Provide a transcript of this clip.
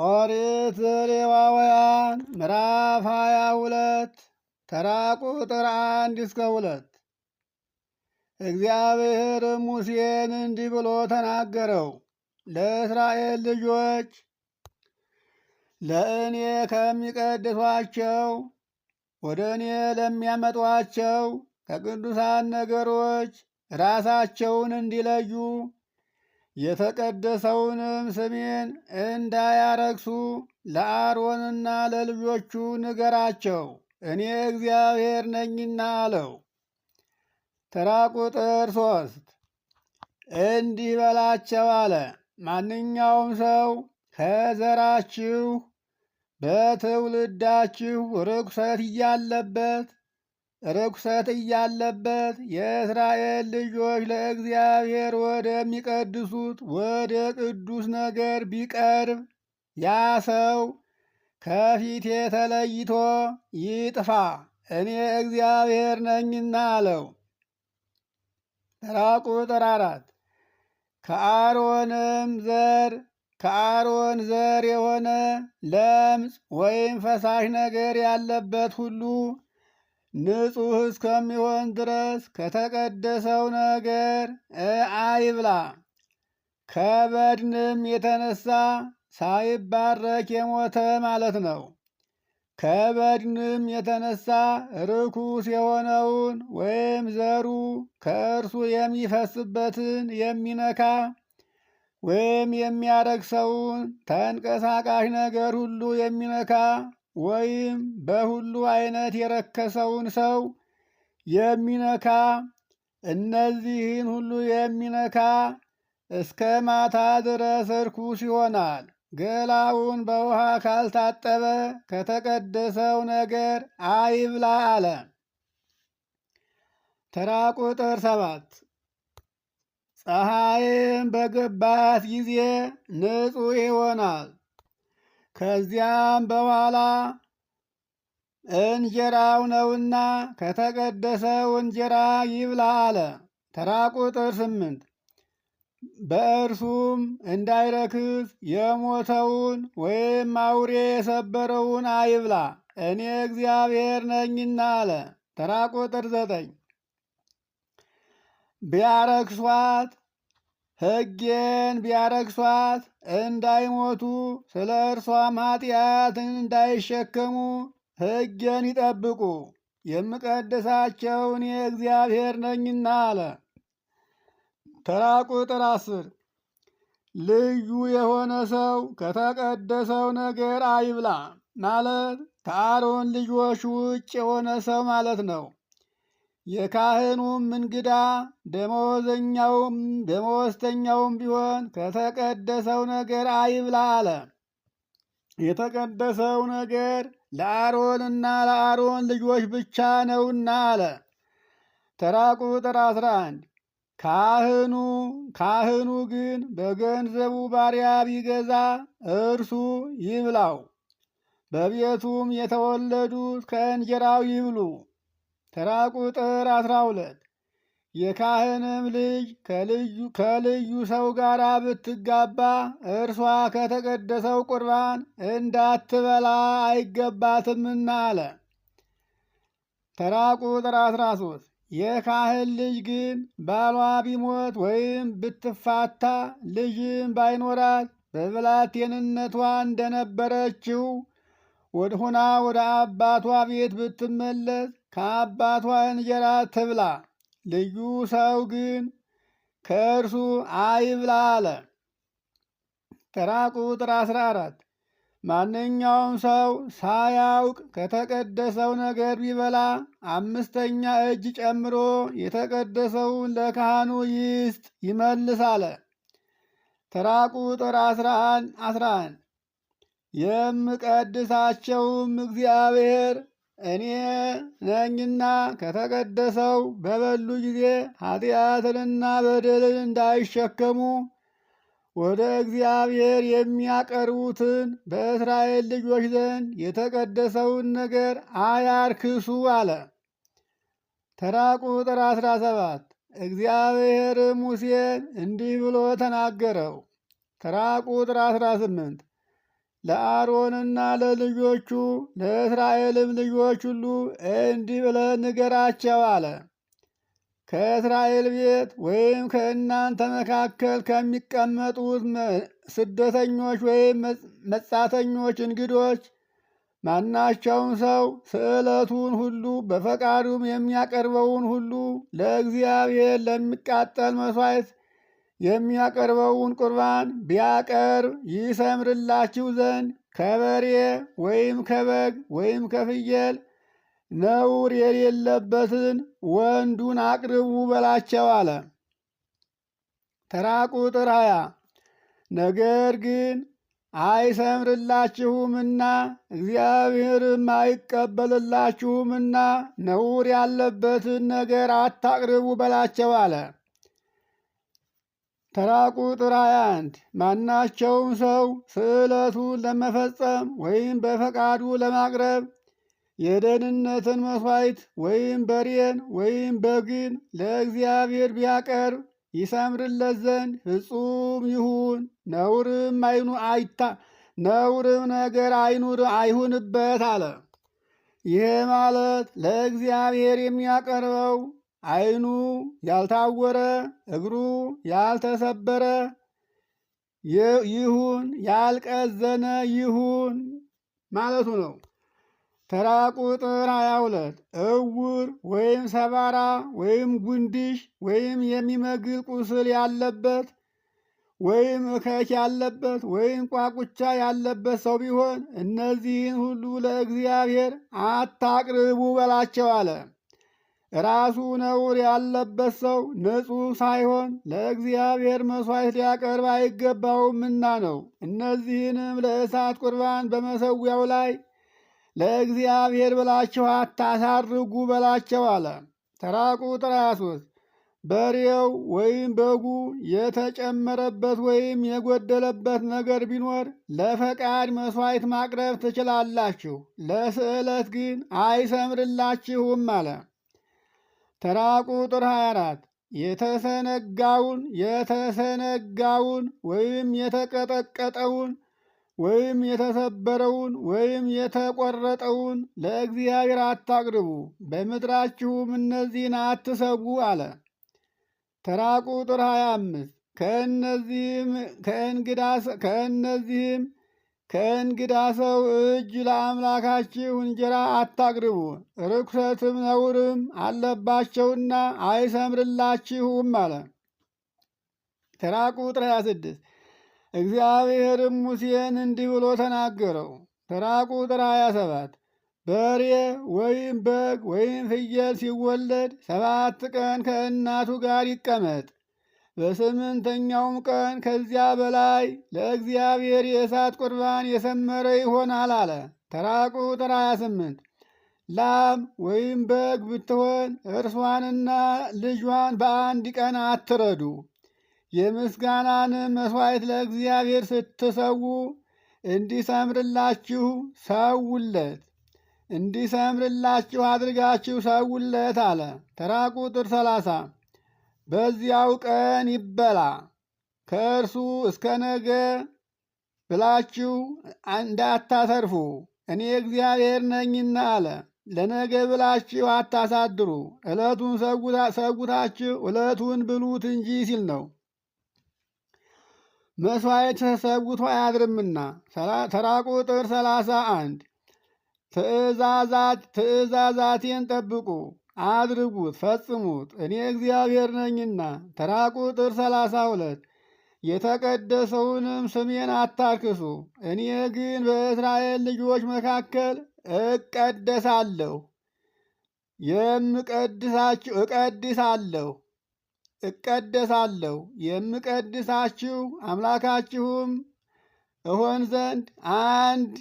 ኦሪት ዘሌዋውያን ምዕራፍ ሃያ ሁለት ተራ ቁጥር አንድ እስከ ሁለት እግዚአብሔር ሙሴን እንዲህ ብሎ ተናገረው። ለእስራኤል ልጆች ለእኔ ከሚቀድሷቸው ወደ እኔ ለሚያመጧቸው ከቅዱሳን ነገሮች ራሳቸውን እንዲለዩ የተቀደሰውንም ስሜን እንዳያረክሱ ለአሮንና ለልጆቹ ንገራቸው እኔ እግዚአብሔር ነኝና አለው። ተራ ቁጥር ሶስት እንዲህ በላቸው አለ ማንኛውም ሰው ከዘራችሁ በትውልዳችሁ ርኩሰት እያለበት ርኩሰት እያለበት የእስራኤል ልጆች ለእግዚአብሔር ወደሚቀድሱት ወደ ቅዱስ ነገር ቢቀርብ ያ ሰው ከፊቴ ተለይቶ ይጥፋ፣ እኔ እግዚአብሔር ነኝና አለው። ተራ ቁጥር አራት ከአሮንም ዘር ከአሮን ዘር የሆነ ለምጽ ወይም ፈሳሽ ነገር ያለበት ሁሉ ንጹሕ እስከሚሆን ድረስ ከተቀደሰው ነገር አይብላ። ከበድንም የተነሳ ሳይባረክ የሞተ ማለት ነው። ከበድንም የተነሳ ርኩስ የሆነውን ወይም ዘሩ ከእርሱ የሚፈስበትን የሚነካ ወይም የሚያረግሰውን ተንቀሳቃሽ ነገር ሁሉ የሚነካ ወይም በሁሉ አይነት የረከሰውን ሰው የሚነካ እነዚህን ሁሉ የሚነካ እስከ ማታ ድረስ እርኩስ ይሆናል። ገላውን በውሃ ካልታጠበ ከተቀደሰው ነገር አይብላ አለ። ተራ ቁጥር ሰባት ፀሐይም በገባት ጊዜ ንጹሕ ይሆናል። ከዚያም በኋላ እንጀራው ነውና ከተቀደሰው እንጀራ ይብላ አለ። ተራ ቁጥር ስምንት በእርሱም እንዳይረክስ የሞተውን ወይም አውሬ የሰበረውን አይብላ እኔ እግዚአብሔር ነኝና አለ። ተራ ቁጥር ዘጠኝ ቢያረክሷት ሕጌን ቢያረክሷት እንዳይሞቱ ስለ እርሷም ኃጢአት እንዳይሸከሙ ሕጌን ይጠብቁ የምቀድሳቸውን የእግዚአብሔር ነኝና አለ። ተራ ቁጥር አስር ልዩ የሆነ ሰው ከተቀደሰው ነገር አይብላ ማለት ከአሮን ልጆች ውጭ የሆነ ሰው ማለት ነው። የካህኑም እንግዳ ደመወዘኛውም ደመወዝተኛውም ቢሆን ከተቀደሰው ነገር አይብላ አለ። የተቀደሰው ነገር ለአሮንና ለአሮን ልጆች ብቻ ነውና አለ። ተራ ቁጥር 11 ካህኑ ካህኑ ግን በገንዘቡ ባሪያ ቢገዛ እርሱ ይብላው፣ በቤቱም የተወለዱት ከእንጀራው ይብሉ ተራ ቁጥር 12 የካህንም ልጅ ከልዩ ሰው ጋር ብትጋባ እርሷ ከተቀደሰው ቁርባን እንዳትበላ አይገባትምና አለ። ተራ ቁጥር 13 የካህን ልጅ ግን ባሏ ቢሞት ወይም ብትፋታ ልጅም ባይኖራት በብላቴንነቷ እንደነበረችው ወድሆና ወደ አባቷ ቤት ብትመለስ ከአባቷ እንጀራ ትብላ፣ ልዩ ሰው ግን ከእርሱ አይብላ አለ። ተራ ቁጥር 14 ማንኛውም ሰው ሳያውቅ ከተቀደሰው ነገር ቢበላ አምስተኛ እጅ ጨምሮ የተቀደሰውን ለካህኑ ይስጥ ይመልስ አለ። ተራ ቁጥር 11 11 የምቀድሳቸውም እግዚአብሔር እኔ ነኝና ከተቀደሰው በበሉ ጊዜ ኃጢአትንና በደልን እንዳይሸከሙ ወደ እግዚአብሔር የሚያቀርቡትን በእስራኤል ልጆች ዘንድ የተቀደሰውን ነገር አያርክሱ አለ። ተራ ቁጥር 17 እግዚአብሔር ሙሴን እንዲህ ብሎ ተናገረው። ተራ ቁጥር 18 ለአሮንና ለልጆቹ ለእስራኤልም ልጆች ሁሉ እንዲህ ብለህ ንገራቸው አለ። ከእስራኤል ቤት ወይም ከእናንተ መካከል ከሚቀመጡት ስደተኞች ወይም መጻተኞች እንግዶች ማናቸውም ሰው ስዕለቱን ሁሉ በፈቃዱም የሚያቀርበውን ሁሉ ለእግዚአብሔር ለሚቃጠል መሥዋዕት የሚያቀርበውን ቁርባን ቢያቀርብ ይሰምርላችሁ ዘንድ ከበሬ ወይም ከበግ ወይም ከፍየል ነውር የሌለበትን ወንዱን አቅርቡ በላቸው አለ። ተራ ቁጥር ሀያ ነገር ግን አይሰምርላችሁምና እግዚአብሔርም አይቀበልላችሁምና ነውር ያለበትን ነገር አታቅርቡ በላቸው አለ። ተራ ቁጥር 21 ማናቸውም ሰው ስዕለቱን ለመፈጸም ወይም በፈቃዱ ለማቅረብ የደህንነትን መስዋዕት ወይም በሬን ወይም በግን ለእግዚአብሔር ቢያቀርብ ይሰምርለት ዘንድ ፍጹም ይሁን፣ ነውርም አይኑ አይታ ነውርም ነገር አይኑር አይሁንበት አለ። ይሄ ማለት ለእግዚአብሔር የሚያቀርበው ዓይኑ ያልታወረ እግሩ ያልተሰበረ ይሁን ያልቀዘነ ይሁን ማለቱ ነው። ተራ ቁጥር ሀያ ሁለት እውር ወይም ሰባራ ወይም ጉንድሽ ወይም የሚመግል ቁስል ያለበት ወይም እከክ ያለበት ወይም ቋቁቻ ያለበት ሰው ቢሆን እነዚህን ሁሉ ለእግዚአብሔር አታቅርቡ በላቸው አለ። ራሱ ነውር ያለበት ሰው ንጹሕ ሳይሆን ለእግዚአብሔር መሥዋዕት ሊያቀርብ አይገባውምና ነው። እነዚህንም ለእሳት ቁርባን በመሠዊያው ላይ ለእግዚአብሔር ብላችሁ አታሳርጉ በላቸው አለ። ተራ ቁጥር 23 በሬው ወይም በጉ የተጨመረበት ወይም የጎደለበት ነገር ቢኖር ለፈቃድ መሥዋዕት ማቅረብ ትችላላችሁ፣ ለስዕለት ግን አይሰምርላችሁም አለ። ተራ ቁጥር 24 የተሰነጋውን የተሰነጋውን ወይም የተቀጠቀጠውን ወይም የተሰበረውን ወይም የተቆረጠውን ለእግዚአብሔር አታቅርቡ፣ በምድራችሁም እነዚህን አትሰቡ አለ። ተራ ቁጥር 25 ከእነዚህም ከእንግዳ ሰው እጅ ለአምላካችሁ እንጀራ አታቅርቡ፣ ርኩሰትም ነውርም አለባቸውና አይሰምርላችሁም አለ። ተራ ቁጥር 26 እግዚአብሔርም ሙሴን እንዲህ ብሎ ተናገረው። ተራ ቁጥር 27 በሬ ወይም በግ ወይም ፍየል ሲወለድ ሰባት ቀን ከእናቱ ጋር ይቀመጥ በስምንተኛውም ቀን ከዚያ በላይ ለእግዚአብሔር የእሳት ቁርባን የሰመረ ይሆናል አለ። ተራ ቁጥር 28 ላም ወይም በግ ብትሆን እርሷንና ልጇን በአንድ ቀን አትረዱ። የምስጋናንም መሥዋዕት ለእግዚአብሔር ስትሰዉ እንዲሰምርላችሁ ሰውለት፣ እንዲሰምርላችሁ አድርጋችሁ ሰውለት አለ። ተራ ቁጥር 30 በዚያው ቀን ይበላ ከእርሱ እስከ ነገ ብላችሁ እንዳታተርፉ እኔ እግዚአብሔር ነኝና አለ። ለነገ ብላችሁ አታሳድሩ፣ ዕለቱን ሰጉታችሁ ዕለቱን ብሉት እንጂ ሲል ነው። መስዋዕት ሰጉቷ አያድርምና። ተራ ቁጥር ሰላሳ አንድ ትእዛዛት ትእዛዛቴን ጠብቁ አድርጉት፣ ፈጽሙት እኔ እግዚአብሔር ነኝና። ተራ ቁጥር ሰላሳ ሁለት የተቀደሰውንም ስሜን አታርክሱ፣ እኔ ግን በእስራኤል ልጆች መካከል እቀደሳለሁ የምቀድሳችሁ እቀድሳለሁ እቀደሳለሁ የምቀድሳችሁ አምላካችሁም እሆን ዘንድ አንድ